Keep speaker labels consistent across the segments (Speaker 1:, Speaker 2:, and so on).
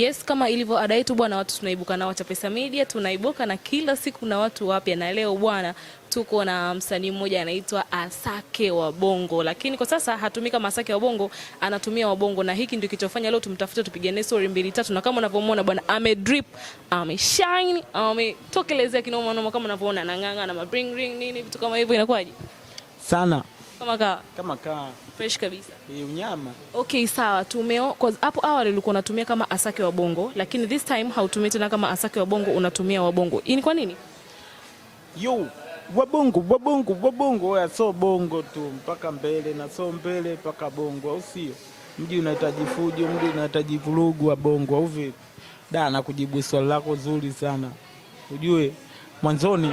Speaker 1: Yes, kama ilivyo ada yetu bwana, watu tunaibuka nao Chapesa Media, tunaibuka na kila siku na watu wapya, na leo bwana tuko na msanii mmoja anaitwa Asake wa Bongo, lakini kwa sasa hatumii kama Asake wa Bongo, anatumia wa Bongo, na hiki ndio kilichofanya leo tumtafute tupigane story mbili tatu, na kama unavyomwona bwana, ame drip ame shine ametokelezea kinoma noma, kama unavyoona anang'anga na mabring ring nini vitu kama hivyo, inakuwaje sana kama kaa kama kaa fresh kabisa.
Speaker 2: Ni unyama.
Speaker 1: Okay, sawa. Tumeo hapo awali ulikuwa unatumia kama asake wa bongo, lakini this time hautumii tena kama asake wa bongo, unatumia wa bongo. Ni kwa nini?
Speaker 2: Yo, bongo, wa bongo, ya so bongo tu mpaka mbele na so mbele mpaka bongo, au sio? Mji unahitaji fujo, mji unahitaji vurugu wa bongo, au vipi? Da, na kujibu swali lako zuri sana. Ujue mwanzoni,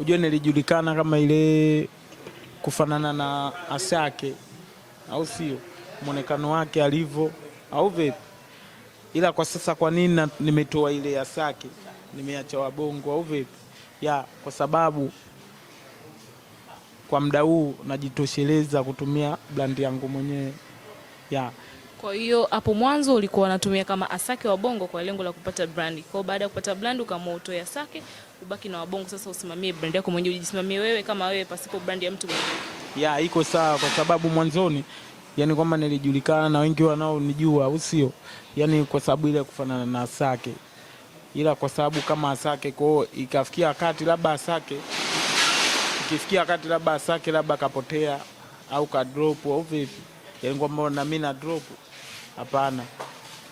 Speaker 2: ujue nilijulikana kama ile kufanana na Asake, au sio? Mwonekano wake alivyo, au vipi? Ila kwa sasa, kwa nini nimetoa ile Asake nimeacha Wabongo, au vipi? Ya kwa sababu kwa muda huu najitosheleza kutumia brandi yangu mwenyewe ya
Speaker 1: kwa hiyo hapo mwanzo ulikuwa unatumia kama Asake wa Bongo kwa lengo la kupata brandi. Kwa baada ya kupata brandi ukaamua utoe Asake ubaki na wabongo sasa, usimamie brand yako mwenyewe, ujisimamie wewe kama wewe pasipo brand ya mtu mwingine.
Speaker 2: Yeah, iko sawa kwa sababu mwanzoni yani kwamba nilijulikana na wengi wanaonijua, au sio? Yani kwa sababu ile kufanana na Asake, ila kwa sababu kama Asake kwao, ikafikia wakati labda Asake ikifikia wakati labda Asake labda kapotea au ka drop au vipi, yani kwamba na mimi na drop, hapana.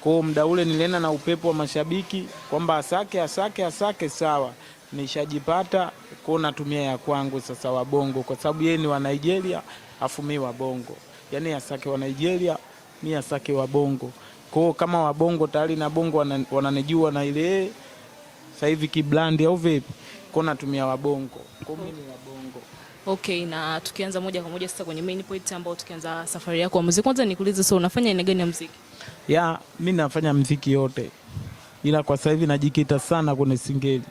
Speaker 2: Kwao muda ule nilienda na upepo wa mashabiki kwamba Asake, Asake, Asake, sawa nishajipata ko natumia ya kwangu sasa, wabongo kwa sababu yeye ni wa Nigeria afu mi wabongo, yaani asake wa Nigeria mi asake wabongo kwao, kama wabongo tayari na bongo wananijua wana na ile sasa hivi kiblandi au vipi, ko natumia wabongo kwa mimi ni wabongo.
Speaker 1: Okay, na tukianza moja kwa moja sasa kwenye main point ambao tukianza safari yako ya muziki, kwanza nikuulize, so unafanya aina gani ya muziki?
Speaker 2: Ya, mimi nafanya muziki yote, ila kwa sasa hivi najikita sana kwenye singeli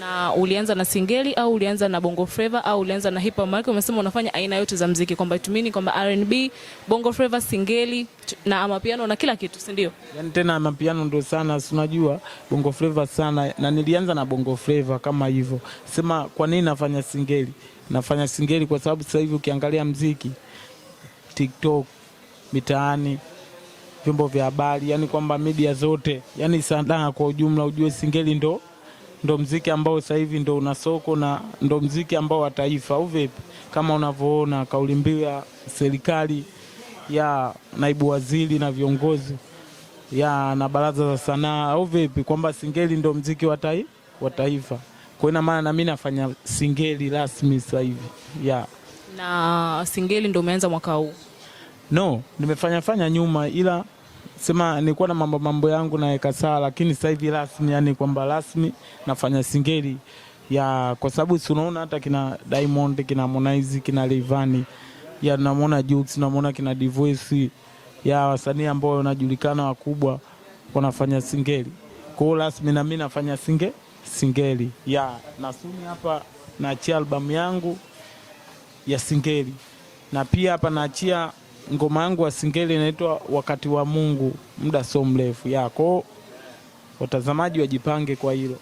Speaker 1: na ulianza na singeli au ulianza na bongo flava au ulianza na hip hop? Maana umesema unafanya aina yote za muziki, kwamba tumini kwamba R&B, bongo flava, singeli na amapiano na kila kitu, si ndio?
Speaker 2: Yaani tena amapiano ndio sana, si unajua bongo flava sana, na nilianza na bongo flava kama hivyo. Sema kwa nini nafanya singeli? Nafanya singeli kwa sababu sasa hivi ukiangalia muziki TikTok, mitaani vyombo vya habari, yani kwamba media zote, yani sanaa kwa ujumla, ujue singeli ndo ndo mziki ambao sasa hivi ndo una soko na ndo mziki ambao wa taifa, au vipi? Kama unavyoona kauli mbiu ya serikali ya naibu waziri na viongozi ya na baraza za sanaa, au vipi, kwamba singeli ndo mziki wa taifa wa taifa. Kwa ina maana na mimi nafanya singeli rasmi sasa hivi ya
Speaker 1: Na singeli ndo umeanza mwaka huu?
Speaker 2: No, nimefanya fanya nyuma ila sema nilikuwa na mambo mambo yangu na sawa, lakini sasa hivi rasmi, yani kwamba rasmi nafanya singeli ya, kwa sababu si unaona hata kina Diamond kina Harmonize kina Rayvanny ya namwona Jux namwona kina Divoice ya wasanii ambao wanajulikana wakubwa wanafanya singeli. Kwa hiyo rasmi na mimi nafanya singe singeli ya na Suni hapa naachia albamu yangu ya singeli na pia hapa naachia ngoma yangu Asingeli inaitwa wakati wa Mungu, muda sio mrefu yako, watazamaji wajipange kwa hilo.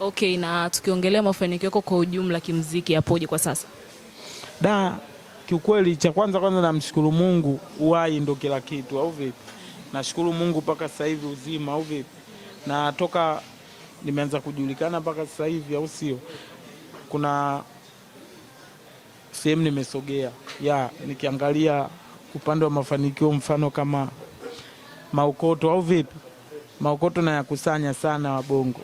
Speaker 1: Okay, na tukiongelea mafanikio yako kwa ujumla kimziki yapoje kwa sasa?
Speaker 2: Da, kiukweli cha kwanza kwanza namshukuru Mungu, uhai ndo kila kitu, au vipi? Nashukuru Mungu mpaka sasa hivi uzima, au vipi? Na toka nimeanza kujulikana mpaka sasa hivi, au sio? Kuna sehemu nimesogea ya nikiangalia upande wa mafanikio, mfano kama maukoto au vipi? Maukoto yakusanya sana wabongo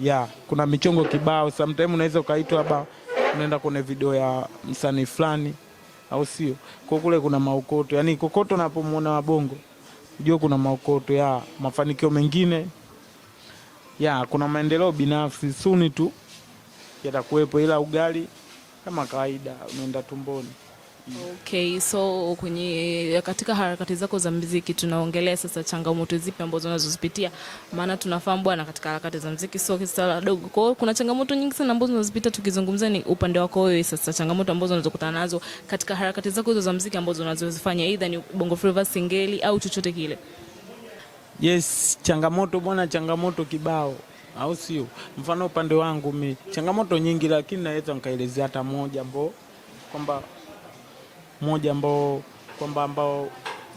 Speaker 2: ya yeah. Kuna michongo kibao, sometimes unaweza ukaitwa hapa, unaenda kwenye video ya msanii fulani, au sio? Kwa kule kuna maukoto, yani kokoto napomwona wabongo jua kuna maukoto ya yeah. Mafanikio mengine ya yeah. Kuna maendeleo binafsi suni tu yatakuwepo, ila ugali kama kawaida unaenda tumboni.
Speaker 1: Okay, so kwenye katika harakati zako za mziki tunaongelea sasa changamoto zipi ambazo unazozipitia? Maana tunafahamu bwana, katika harakati za mziki sio kisa dogo. Kwa hiyo kuna changamoto nyingi sana ambazo unazipita, tukizungumza ni upande wako wewe. Sasa changamoto ambazo unazokutana nazo katika harakati zako hizo za mziki ambazo unazozifanya, either ni Bongo Flava, singeli au chochote kile.
Speaker 2: Yes, changamoto bwana, changamoto kibao au sio? Mfano upande wangu mimi changamoto nyingi, lakini naweza nikaelezea hata moja ambao kwamba moja ambao kwamba ambao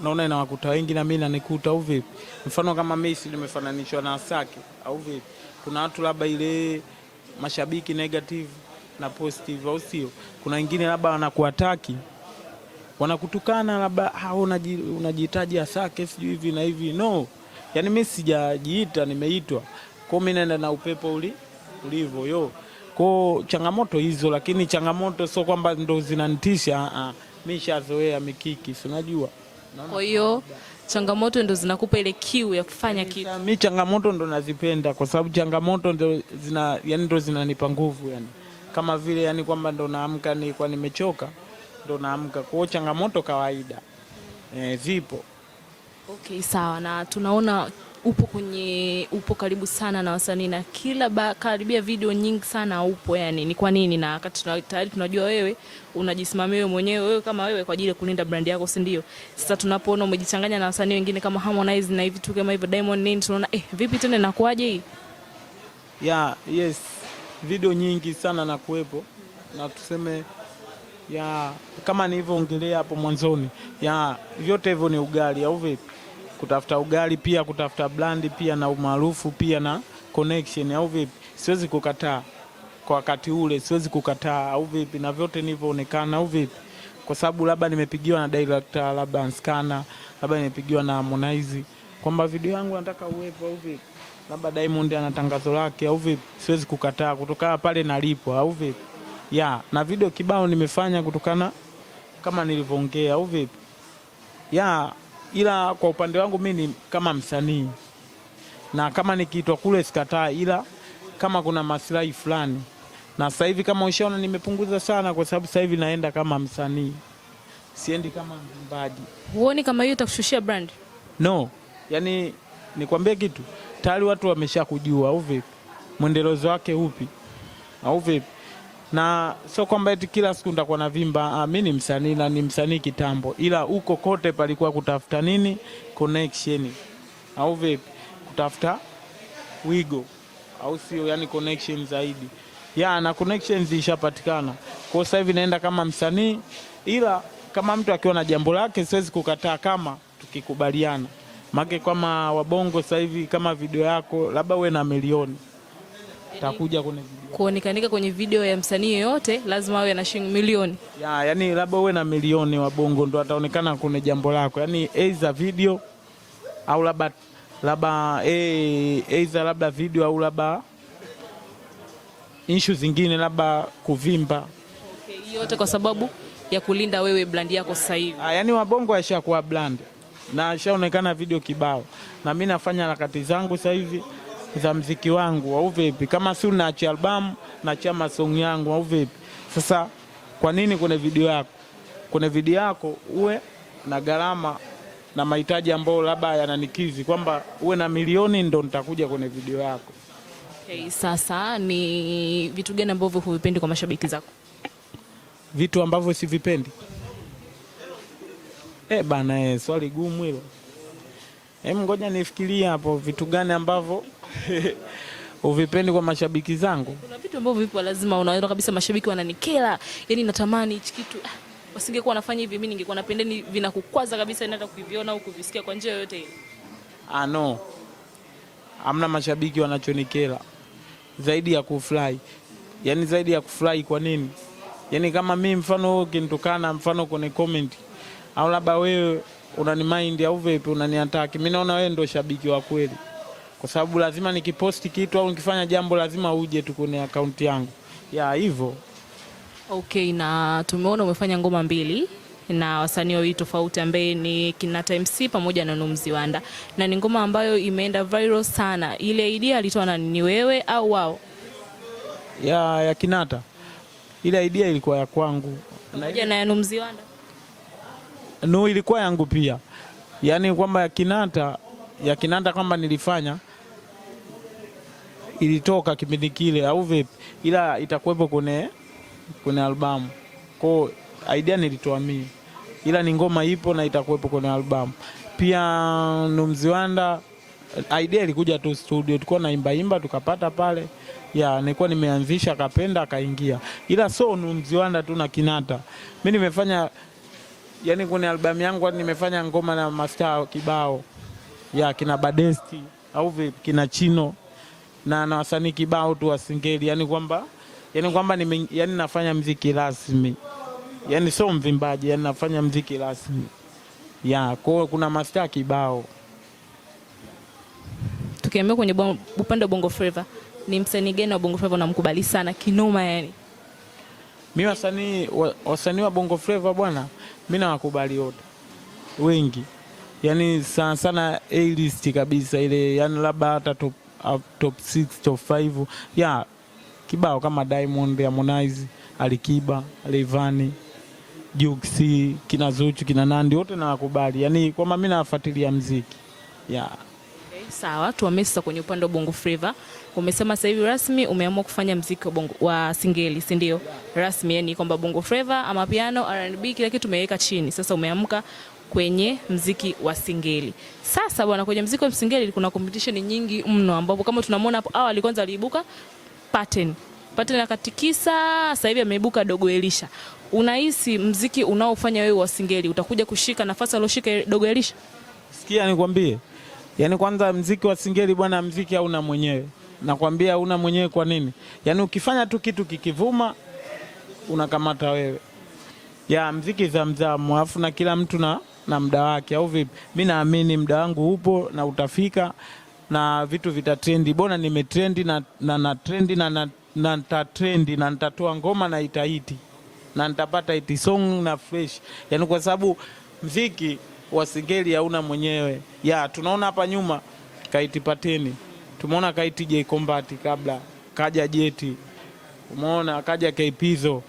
Speaker 2: naona inawakuta wengi na mimi nanikuta au vipi? Mfano kama Messi nimefananishwa na Asake au vipi? Kuna watu labda ile mashabiki negative na positive, au sio? Kuna wengine labda wanakuataki wanakutukana, labda hao ah, unajihitaji Asake sijui hivi na hivi. No, yani mimi sijajiita, nimeitwa Kwa mimi naenda na upepo uli ulivyo yo Kwa Changamoto hizo, lakini changamoto sio kwamba ndo zinanitisha Uh -uh. Mishazoea mikiki, si unajua.
Speaker 1: Kwa hiyo changamoto ndo zinakupa ile kiu ya kufanya kitu.
Speaker 2: Mimi changamoto ndo nazipenda kwa sababu changamoto ndo zina, yani ndo zinanipa nguvu yani. Kama vile yani kwamba ndo naamka kwa nimechoka ndo naamka. Kwa hiyo changamoto kawaida e, zipo.
Speaker 1: Okay, sawa na tunaona upo kwenye upo karibu sana na wasanii na kila ba, karibia video nyingi sana upo, yani ni kwa nini? Na wakati tayari tunajua wewe unajisimamia wewe mwenyewe wewe kama wewe kwa ajili ya kulinda brand yako, si ndio? Sasa tunapoona umejichanganya na wasanii wengine kama Harmonize na hivi tu kama hivyo Diamond nini, tunaona eh, vipi tena inakuaje hii?
Speaker 2: Yeah, yes. Video nyingi sana na kuwepo na tuseme ya kama nilivyoongelea hapo mwanzoni ya vyote hivyo ni ugali au vipi? kutafuta ugali pia, kutafuta brandi pia na umaarufu pia na connection, au vipi? Siwezi kukataa kwa wakati ule, siwezi kukataa, au vipi? Na vyote nilivyoonekana, au vipi? Kwa sababu labda nimepigiwa na director, labda Anskana, labda nimepigiwa na Harmonize kwamba video yangu nataka uwepo, au vipi? Labda Diamond ana tangazo lake, au vipi? Siwezi kukataa, kutoka pale nalipo au vipi? Ya, na video kibao nimefanya kutokana kama nilivyoongea, au vipi? Ya, ila kwa upande wangu mi ni kama msanii, na kama nikiitwa kule sikataa, ila kama kuna maslahi fulani. Na sasa hivi kama ushaona nimepunguza sana, kwa sababu sasa hivi naenda kama msanii, siendi kama mbadi.
Speaker 1: Huoni kama hiyo itakushushia brand?
Speaker 2: No, yani nikwambie kitu, tayari watu wameshakujua au vipi? Mwendelezo wake upi au vipi? na sio kwamba eti kila siku nitakuwa na vimba. Mimi ah, ni msanii na ni msanii kitambo, ila huko kote palikuwa kutafuta nini connection, au vipi? Kutafuta wigo, au sio? Yani connection zaidi ya na connections zishapatikana. Kwa sasa hivi naenda kama msanii, ila kama mtu akiwa na jambo lake siwezi kukataa kama tukikubaliana make kama wabongo sasa hivi kama video yako labda uwe na milioni atakuja kwenye video.
Speaker 1: Kuonekanika kwenye video ya msanii yoyote lazima awe na shilingi milioni
Speaker 2: ya, yani labda uwe na milioni wa bongo ndo ataonekana kwenye jambo lako, yani aidha video au labda labda aidha eh, labda video au labda issue zingine labda kuvimba.
Speaker 1: Okay, yote kwa sababu ya kulinda wewe brand yako sasa hivi.
Speaker 2: Ah, yani wabongo washakuwa brand na ashaonekana video kibao, na mimi nafanya harakati zangu sasa hivi za mziki wangu au vipi? Kama si unaachia albamu, naachia masong yangu au vipi? Sasa kwa nini kwenye video yako, kwenye video yako uwe na gharama na mahitaji ambayo labda yananikizi kwamba uwe na milioni ndo nitakuja kwenye video yako.
Speaker 1: Okay, sasa ni vitu gani ambavyo huvipendi kwa mashabiki zako?
Speaker 2: Vitu ambavyo sivipendi e bana, e, swali gumu hilo. Hem, ngoja nifikirie hapo, vitu gani ambavyo uvipendi kwa mashabiki zangu.
Speaker 1: Kuna vitu ambavyo vipo lazima unaona kabisa mashabiki wananikela, yani natamani hichi kitu ah, wasingekuwa wanafanya hivi, mimi ningekuwa napendeni, vinakukwaza kabisa, nenda yaani kuviona au kuvisikia kwa njia yoyote ile.
Speaker 2: Ah, no, amna mashabiki wanachonikela zaidi ya kufurahi, yani zaidi ya kufurahi. Kwa nini? Yani kama mimi mfano wewe ukinitukana mfano kwenye comment au labda wewe unanimind au vipi, unaniataki, mimi naona wewe ndio shabiki wa kweli kwa sababu lazima nikiposti kitu au nikifanya jambo lazima uje tu kwenye akaunti yangu ya hivyo.
Speaker 1: Okay, na tumeona umefanya ngoma mbili na wasanii wawili tofauti ambaye ni kina TMC pamoja na Nuh Mziwanda, na ni ngoma ambayo imeenda viral sana. Ile idea alitoa na ni wewe au wao?
Speaker 2: ya, ya Kinata ile idea ilikuwa ya kwangu
Speaker 1: pamoja na ya Nuh Mziwanda.
Speaker 2: Nuh ilikuwa yangu pia, yaani kwamba ya Kinata ya Kinata kwamba nilifanya ilitoka kipindi kile au vipi, ila itakuwepo kwenye kwenye albamu. ko idea nilitoa mimi, ila ni ngoma ipo na itakuwepo kwenye albamu pia. Numziwanda idea ilikuja tu studio, tulikuwa imba tukapata pale ya nilikuwa nimeanzisha, akapenda akaingia, ila so Numziwanda tu na Kinata. Mi nimefanya yani, kwenye albamu yangu nimefanya ngoma na mastaa kibao ya kina Badesti au vipi, kina Chino na na wasanii kibao tu wa singeli, yani kwamba yani kwamba ni yani nafanya mziki rasmi, yani sio mvimbaji, yani nafanya mziki rasmi ya kwao. Kuna mastaa kibao.
Speaker 1: Tukiambia kwenye upande wa Bongo Flava, ni msanii gani wa Bongo Flava unamkubali sana kinoma? Yani
Speaker 2: mi wasanii wasanii wa Bongo Flava bwana, mi nawakubali wote wengi, yani sana sana A list kabisa ile, yani labda hata top top 6 top 5 ya kibao kama Diamond, Harmonize, Alikiba, Levani, Jux, kina Zuchu, kina Nandi wote nawakubali, yani kwamba mimi nafuatilia mziki ya okay.
Speaker 1: Sawa, tuame sasa kwenye upande wa Bongo Flava, umesema sasa hivi rasmi umeamua kufanya mziki wa bongo wa singeli, si ndio? Rasmi yani kwamba Bongo Flava, amapiano, R&B, kila kitu umeweka chini, sasa umeamka kwenye mziki wa singeli. Sasa bwana, kwenye mziki wa singeli kuna competition nyingi mno, ambapo kama tunamwona hapo awali, kwanza aliibuka Pattern. Pattern akatikisa, sasa hivi ameibuka Dogo Elisha. Unahisi mziki unaofanya wewe wa singeli utakuja kushika nafasi aliyoshika Dogo Elisha? Sikia nikwambie, yaani kwanza mziki wa singeli bwana, mziki hauna mwenyewe. Nakwambia una mwenyewe kwa nini? Yaani ukifanya tu kitu kikivuma unakamata wewe ya mziki zamzamu, alafu na kila mtu na na muda wake, au vipi? Mimi naamini muda wangu upo na utafika na vitu vitatrendi. Bona nimetrendi na na na trendi na na na nitatrendi na nitatoa ngoma na itaiti na nitapata iti song na fresh, yaani kwa sababu mziki wa singeli hauna mwenyewe ya. Tunaona hapa nyuma kaiti pateni, tumeona kaiti J Combat kabla kaja Jeti, umeona kaja Kaipizo,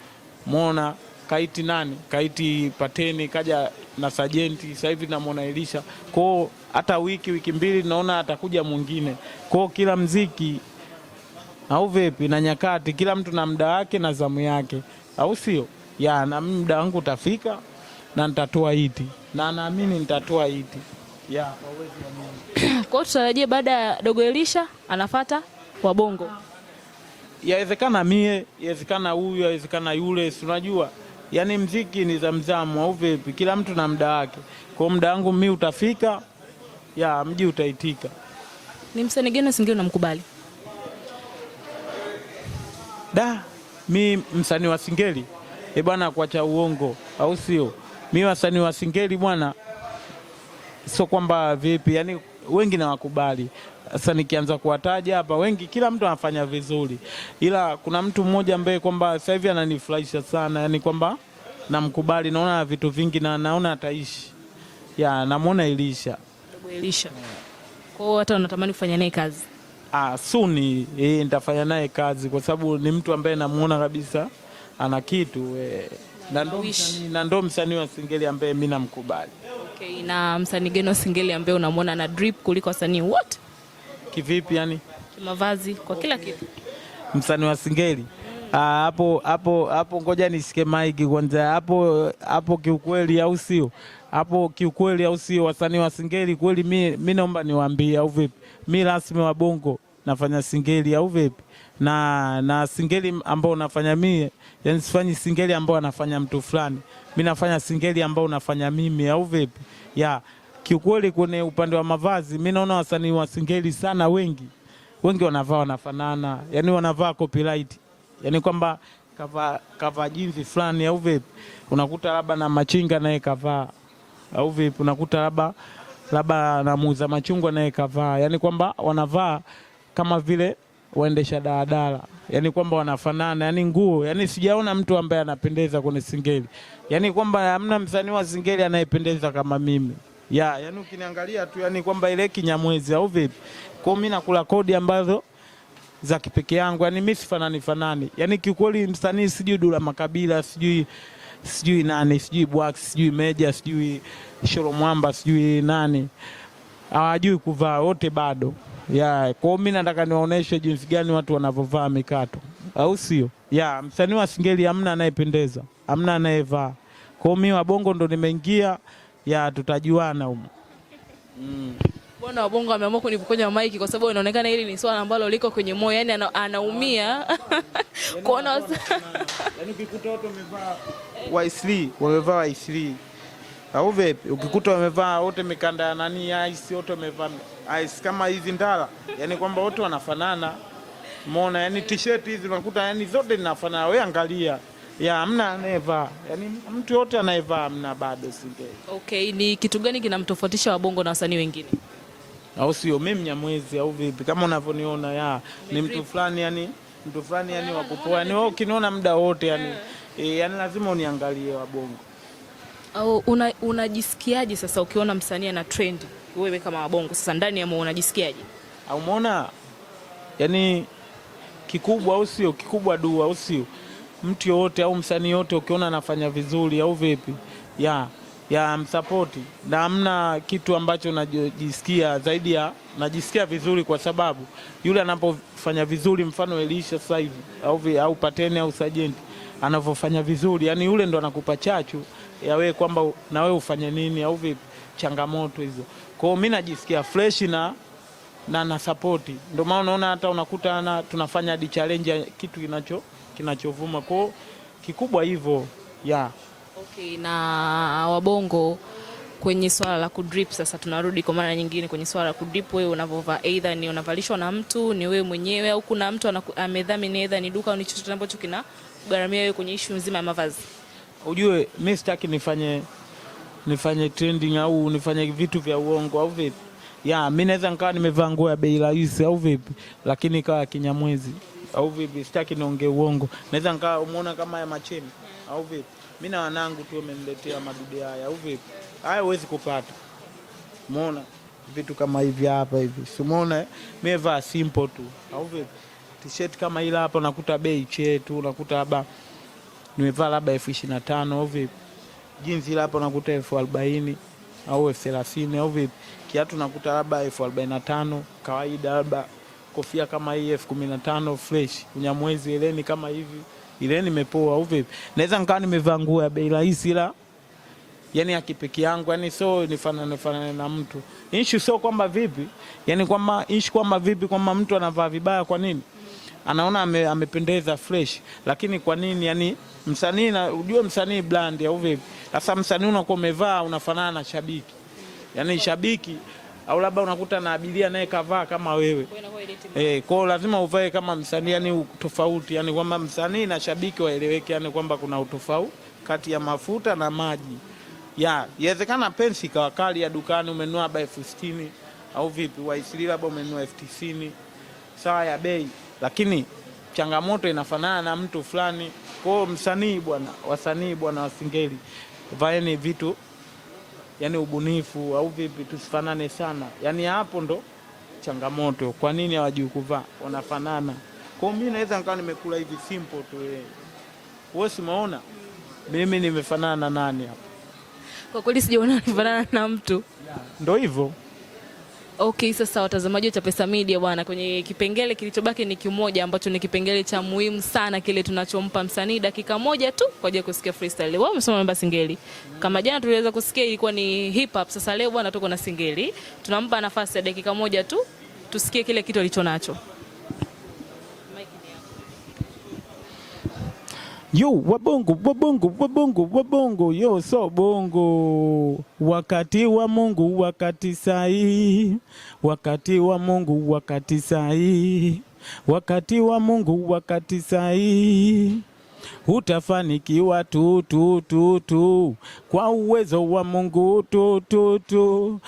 Speaker 1: umeona kaiti nani, kaiti pateni kaja na Sajenti, sasa hivi namwona Elisha kwao, hata wiki wiki mbili naona atakuja mwingine kwao, kila mziki au vipi? Na nyakati, kila mtu na muda wake na zamu yake, au sio? Ya, na muda wangu utafika na nitatoa hiti na naamini nitatoa hiti ya kwao. Tutarajie baada ya dogo Elisha anafata wabongo,
Speaker 2: yawezekana mie, yawezekana huyu, yawezekana yule, si unajua yani mziki ni zamzamu au vipi? Kila mtu na muda wake. Kwa muda wangu mi utafika, ya mji utaitika.
Speaker 1: Ni msanii gani Singeli unamkubali?
Speaker 2: Da, mi msanii wa Singeli e bwana, kuacha uongo au sio? Mi wasanii wa Singeli bwana, sio kwamba vipi yani wengi nawakubali. Sasa nikianza kuwataja hapa wengi, kila mtu anafanya vizuri, ila kuna mtu mmoja ambaye kwamba sasa hivi ananifurahisha sana, yani kwamba namkubali, naona vitu vingi na naona ataishi ya, namwona Elisha.
Speaker 1: Elisha. Kwa hiyo hata unatamani kufanya naye kazi?
Speaker 2: Ah, suni e, nitafanya naye kazi kwa sababu ni mtu ambaye namuona kabisa ana kitu e, na ndo msanii wa singeli ambaye mimi namkubali.
Speaker 1: Okay, na msanii Geno Singeli ambaye unamwona na drip kuliko wasanii wote
Speaker 2: kivipi? Yani
Speaker 1: kimavazi, kwa kila kitu,
Speaker 2: msanii wa Singeli ah, hapo hapo hapo, ngoja nisike maiki kwanza hapo hapo. Kiukweli au sio? Hapo kiukweli au sio? Wasanii wa Singeli kweli, mi naomba niwaambie, au vipi? Mi rasmi wa Bongo nafanya Singeli au vipi? na na Singeli ambao nafanya mie yani sifanyi singeli ambao anafanya mtu fulani, mimi nafanya singeli ambao unafanya mimi, au vipi? ya kiukweli, kwenye upande wa mavazi mimi naona wasanii wa singeli sana wengi wengi wanavaa wanafanana, yani wanavaa copyright, yani kwamba kava kava jinsi fulani au vipi, unakuta labda na machinga naye kavaa au vipi, unakuta labda labda na muuza machungwa naye kavaa, yani kwamba wanavaa kama vile waendesha daladala, yani kwamba wanafanana, yani nguo, yani sijaona mtu ambaye anapendeza kwenye singeli, yani kwamba hamna msanii wa singeli anayependeza kama mimi ya yani, ukiniangalia tu yani kwamba ile kinyamwezi au vipi. Kwa mimi nakula kodi ambazo za kipekee yangu, yani mimi sifanani fanani, yani kikweli msanii sijui Dula Makabila sijui sijui nani sijui Bwax sijui Meja sijui Shoro Mwamba sijui nani hawajui kuvaa wote bado ya kwao. Mimi nataka niwaoneshe jinsi gani watu wanavyovaa mikato, au sio? Ya msanii wa singeli hamna anayependeza, hamna anayevaa. Kwao mimi wabongo ndo nimeingia, ya tutajuana huko
Speaker 1: mm. Bwana wabongo ameamua kunipokonya maiki kwa sababu inaonekana hili ni swala ambalo liko kwenye moyo, yani anaumia kuona yani
Speaker 2: ukikuta watu wamevaa waisli wamevaa waisli au vipi? Ukikuta wamevaa wote mikanda ya nani ya wote wamevaa ice kama hizi ndala, yani kwamba wote wanafanana mona, yani t-shirt hizi unakuta yani zote zinafanana. Wewe angalia ya amna anayevaa yani mtu yote anayevaa amna bado singe.
Speaker 1: Okay, ni kitu gani kinamtofautisha Wabongo na wasanii wengine,
Speaker 2: au sio? Mimi Mnyamwezi au vipi? Kama unavyoniona ya ni mtu fulani yani mtu fulani yani wa kupoa yani wewe ukiniona muda wote yani yeah. E, yani lazima uniangalie Wabongo.
Speaker 1: Au unajisikiaje una sasa ukiona msanii ana trendi wewe kama wabongo sasa, ndani ya muona unajisikiaje?
Speaker 2: Au umeona yani kikubwa au sio kikubwa du au sio? Mtu yoyote au msanii yote ukiona anafanya vizuri au vipi ya ya msapoti, na hamna kitu ambacho najisikia zaidi ya najisikia vizuri, kwa sababu yule anapofanya vizuri, mfano Elisha sasa hivi au, au Pateni au Sajenti anavyofanya vizuri, yani yule ndo anakupa chachu ya wewe kwamba na wewe ufanye nini au vipi, changamoto hizo kwa hiyo mimi najisikia fresh na na na support. Ndio maana unaona hata unakuta na, tunafanya di challenge ya kitu kinacho kinachovuma. Kwa kikubwa hivyo ya yeah.
Speaker 1: Okay, na wabongo kwenye swala la kudrip sasa, tunarudi kwa mara nyingine kwenye swala la kudrip. Wewe unavovaa either ni unavalishwa na mtu, ni wewe mwenyewe, au kuna mtu amedhamini, either ni duka au ni chochote ambacho kinakugharamia wewe kwenye issue nzima ya mavazi?
Speaker 2: Ujue mimi sitaki nifanye nifanye trending au nifanye vitu vya uongo au vipi? Ya, mimi naweza nikawa nimevaa nguo ya bei rahisi au vipi, lakini ikawa Kinyamwezi au vipi? Sitaki niongee uongo, naweza nikawa umeona kama ya Machemi au vipi? Mimi na wanangu tu wameniletea madude haya au vipi? Haya huwezi kupata, umeona vitu kama hivi hapa hivi, si umeona? Mimi eh? simple tu au vipi? T-shirt kama ile hapa unakuta bei chetu, unakuta labda nimevaa labda elfu ishirini na tano au vipi jinsi lapo nakuta unakuta elfu arobaini au elfu thelathini au vipi. Kiatu nakuta labda elfu arobaini na tano kawaida, labda kofia kama hii elfu kumi na tano fresh, unyamwezi eleni kama hivi, ileni imepoa au vipi. Naweza nikawa nimevaa nguo ya bei rahisi la yani ya kipekee yangu, yani so nifanane fanane na mtu. Issue sio kwamba vipi, yani kwamba issue kwamba vipi, kwamba mtu anavaa vibaya kwa nini? Anaona ame, amependeza fresh, lakini kwa nini? Yani msanii na ujue msanii brand au vipi? Sasa msanii unakuwa umevaa unafanana na shabiki, yaani shabiki au labda unakuta na abiria naye kavaa kama wewe eh, kwao lazima uvae kama msanii, yani tofauti, yani kwamba msanii na shabiki waeleweke, yani kwamba kuna utofauti kati ya mafuta na maji ya iwezekana pensi ikawa kali ya dukani umenunua labda elfu sitini au vipi, waisili labda umenunua elfu tisini sawa ya bei, lakini changamoto inafanana na mtu fulani. Kwa msanii bwana, wasanii bwana wasingeli vaeni ni vitu yani ubunifu au vipi, tusifanane sana. Yani hapo ndo changamoto, kwa nini hawajui kuvaa, wanafanana. Kwa mimi naweza nikawa nimekula hivi simple tu, eh. wewe simaona mimi nimefanana nani hapo?
Speaker 1: Kwa kweli sijaona nifanana na mtu, ndo hivyo. Okay, sasa watazamaji wa Chapesa Media bwana, kwenye kipengele kilichobaki ni kimoja ambacho ni kipengele cha muhimu sana, kile tunachompa msanii dakika moja tu kwa ajili ya kusikia freestyle. Wewe umesoma namba singeli, kama jana tuliweza kusikia ilikuwa ni hip hop, sasa leo bwana, tuko na singeli, tunampa nafasi ya dakika moja tu tusikie kile kitu alichonacho.
Speaker 2: Yo, wabongo wabongo wabongo wabongo, yo so bongo. Wakati wa Mungu, wakati sai Wakati wa Mungu, wakati sai Wakati wa Mungu, wakati sahihi. Utafanikiwa tu tu tu tu kwa uwezo wa Mungu tu tu tu,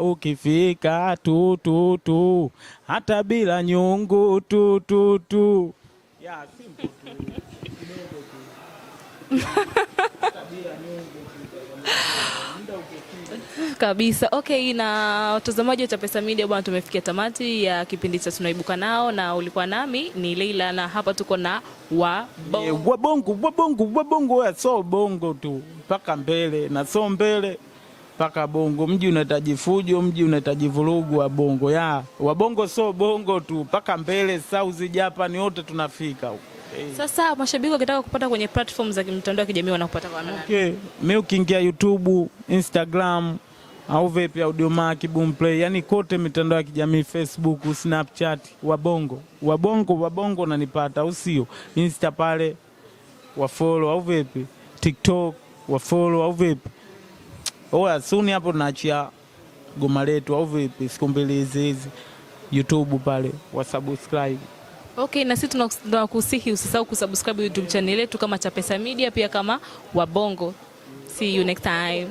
Speaker 2: ukifika tu tu tu, hata bila nyungu tu tu tu. Yeah, simple
Speaker 1: kabisa. Okay, na watazamaji wa Chapesa Media bwana, tumefikia tamati ya kipindi cha tunaibuka nao, na ulikuwa nami ni Leila, na hapa tuko na wabongo yeah,
Speaker 2: wabongo wabongo wa eh, so bongo tu mpaka mbele na so mbele mpaka bongo. Mji unahitaji fujo, mji unahitaji vurugu. Wabongo ya wabongo so bongo tu mpaka mbele, South Japan, wote tunafika huko.
Speaker 1: Hey. Sasa mashabiki wakitaka kupata kwenye platform za mtandao ya kijamii wanakupata kwa nani?
Speaker 2: Okay, mimi ukiingia YouTube, Instagram au vipi boom play, yani kote mitandao ya kijamii Facebook, Snapchat, wabongo wabongo wabongo unanipata, au sio? Insta pale wafollow au vipi? TikTok wafollow au vipi? Oya, suni hapo tunaachia goma letu au vipi? Siku mbili hizi hizi YouTube pale wasubscribe.
Speaker 1: Okay, na sisi tunakusihi usisahau kusubscribe YouTube channel yetu kama Chapesa Media, pia kama Wabongo. See you next time.